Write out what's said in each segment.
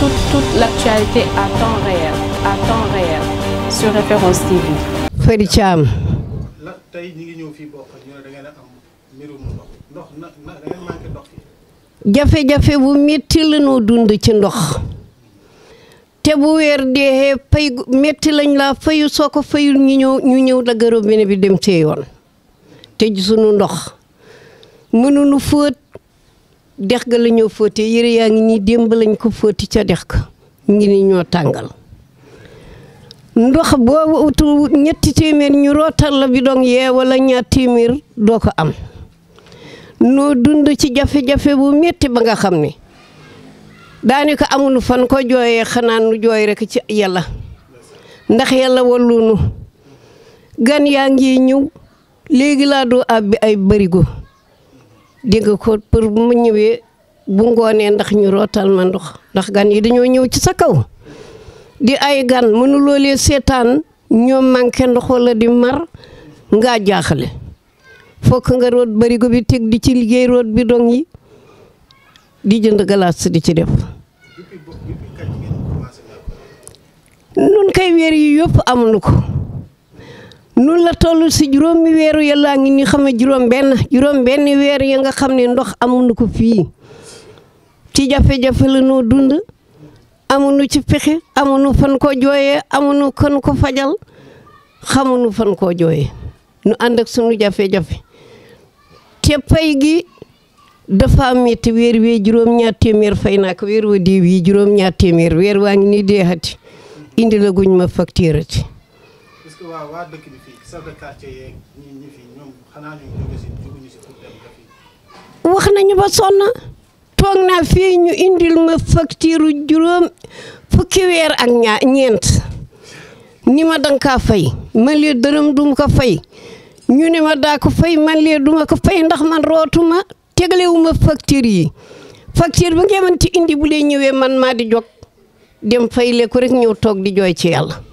toute, toute jafe-jafe bu métti la dund ci ndox te bu weer dee fay métti lañ laa fayu soo ko fayul ñu ñëw ñu ñëw la gërëm bi dem see yoon te sunu ndox mënuñu fóot. dex ga la ñoo fóote yére yaa ngi nii démb lañ ko fóoti ca dex ga ngi ni ñoo tàngal ndox boo utul ñetti téeméer ñu rootal la bidong yee walla ñaar téeméer doo ko am noo dund ci jafe-jafe bu metti ba nga xam ne daanaka amunu fan ko jooyee xanaa nu jooy rekk ci yàlla ndax yàlla wallunu gan yaa ngi ñëw léegi laa doo àbbi ay barigo dégg ko pour mu ñëwee bu ngoonee ndax ñu rootal ma ndox ndax gan yi dañoo ñëw ci sa kaw di ay gan mënuloo lee seetaan ñoom manqué ndox wala di mar ngaa jaaxle fokk nga root barigo bi teg di ci liggéey root bi dong yi di jënd galaas di ci def. nun kay weer yi yëpp amuñu ko. nun la toll si juróomi weeru yàllaa ngi ni xam ne juróom benn juróom benn weer ya nga xam ne ndox amuñu ko fii ci jafe-jafe la noo dund amu amuñu ci pexe amuñu fan koo jooyee amuñu kan ko fajal xamuñu fan koo jooyee nu àndak ak sunu jafe-jafe te pay gi dafa metti weer wee juróom-ñaar téeméer fay naa ko weer wa diw yi juróom-ñaar téeméer weer waa ngi ni deexati indi la guñ ma facturati que waa waa dëkk bi fii chef fi ñu jóge si jóguñu wax nañu ba sonn toog naa fii ñu indil ma facture juróom fukki weer ak ñeent ni ma danka fay man lee dërëm duma ko fay ñu ne ma daa fay man lee duma ko fay ndax man rootuma tegalewuma facture yi facture ba ngeen mën ci indi bu dee ñëwee man maa di jóg dem fayle ko rek ñëw toog di jooy ci yàlla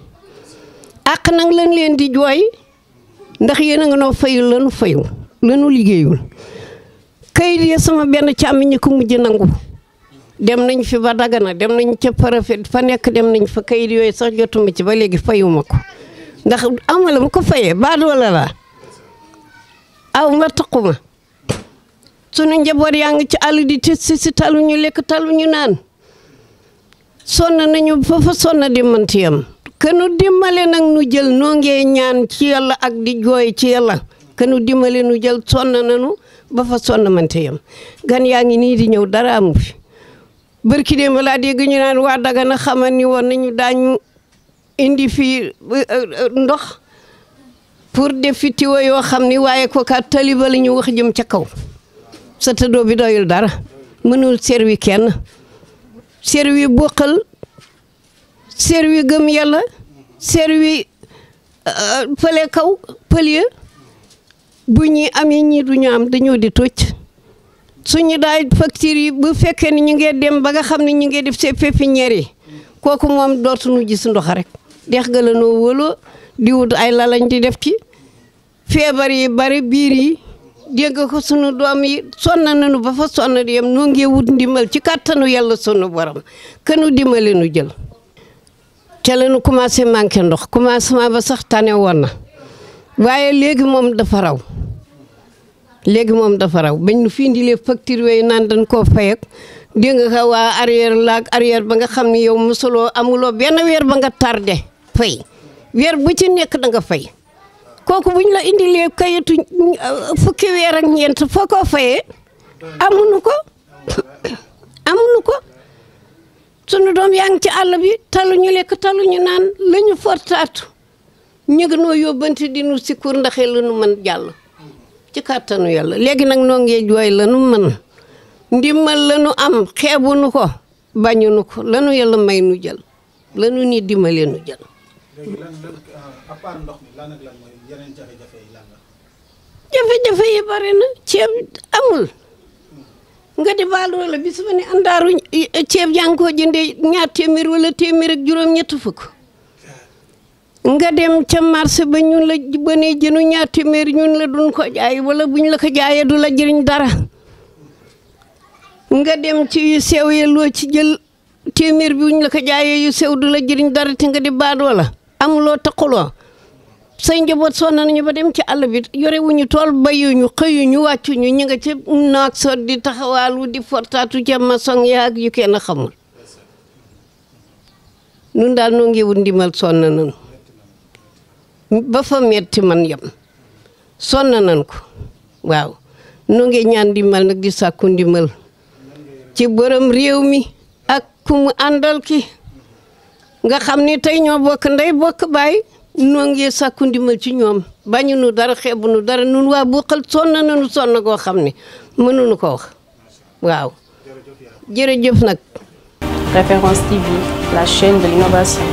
àq nag lañ leen di jooy ndax yéen a nga noo fayul lanu fayul lanu liggéeyul kayit ya sama benn càmmiñ ñi ko mujj nangu dem nañ fi Dagana dem nañ ca préfet fa nekk dem nañ fa kayit yooyu sax ci ba léegi fayuma ko ndax amala ma ko fayee baadoola laa aw ma sunu njaboot yaa ngi ci àll di tis si talu ñu lekk talu ñu naan sonn nañu fa fa sonn di mënti kanu dimbale nag nu jël noo ngee ñaan ci yàlla ak di jooy ci yàlla kanu dimbale nu jël sonn nanu ba fa sonn mante yam gan yaa ngi nii di ñëw dara amu fi bërki dee ma dégg ñu naan waa Dagana xamal ni woon nañu daañu indi fii euh, ndox pour def fi tiwo yoo xam ni waaye ko ka taliba la ñu wax jëm ca kaw sa tëddoo bi doyul dara mënul servi kenn servi bokkal seer gëm yàlla seer wi fële euh, kaw pëlie bu ñi amee ñii du am dañoo di tocc suñu daay facture yi bu fekkee ni ñu ngi dem ba nga xam ne ñu ngi def seen pépinière yi kooku moom dootuñu gis ndox rek dex ga la noo wóoloo di wut ay lalañ di def ci feebar yi bari biir yi dégg ko sunu doom yi sonn nañu ba fa sonn di yem noo ngi wut ndimbal ci kàttanu yàlla sunu borom kënu dimbale nu jël ca la ñu commencé manqué ndox commencement ba sax tane woon na waaye léegi moom dafa raw léegi moom dafa raw bañ nu fi indilee facture yooyu naan dañ koo fayak dégg nga ka laag arrière ba nga xam ne yow mosuloo amuloo benn weer ba nga tardé fay weer bu ci nekk da nga fay kooku buñ la indilee kayitu euh, fukki weer ak ñeent foo koo fayee amuñu ko amuñu ko sunu doom yaa ngi ci àll bi ñu lekk taluñu naan la ñu fortaatu ñu ngi noo yóbbante dinu nu sikkur ndaxe lanu mën jàll ci kàttanu yàlla léegi nag noo ngi jooy la mën ndimbal la am xeebu nu ko bañu nu ko la nu yàlla may nu jël la nii dimbale nu jël. Euh, jafe-jafe yi bari na ceeb amul. nga di valeur la bis ma ne andaaru e, ceeb yaa ngi koo jëndee téeméer wala téeméer ak juróom ñett fukk nga dem ca marché ba ñun la ba ne jënu ñaar téeméer ñun la duñ ko jaay wala buñ la ko jaayee du la jëriñ dara nga dem ci sew ya loo ci jël téeméer bi buñ la ko jaayee yu sew du la jëriñ dara te nga di baadoo la amuloo taquloo say njaboot sonn nañu ba dem ci àll bi yore tool bayuñu xëyuñu wàccuñu ñi nga ci naag sot di taxawaalu di fortaatu ca maçon yaag yu kenn daal noo ngi sonn nañu ba fa metti man yam sonn nañ ko waaw noo ngi ñaan ndimal nag di sàkku ndimal ci bërëm réew mi ak ku mu àndal ki nga xam ni tey ñoo bokk ndey bokk baay noo ngi sàkku ci ñoom bañu nu dara xeebu nu dara nun waa buuxal sonn nañu sonn goo xam ne mënuñu ko wax waaw jërëjëf nag Référence TV, la chaîne de l'innovation.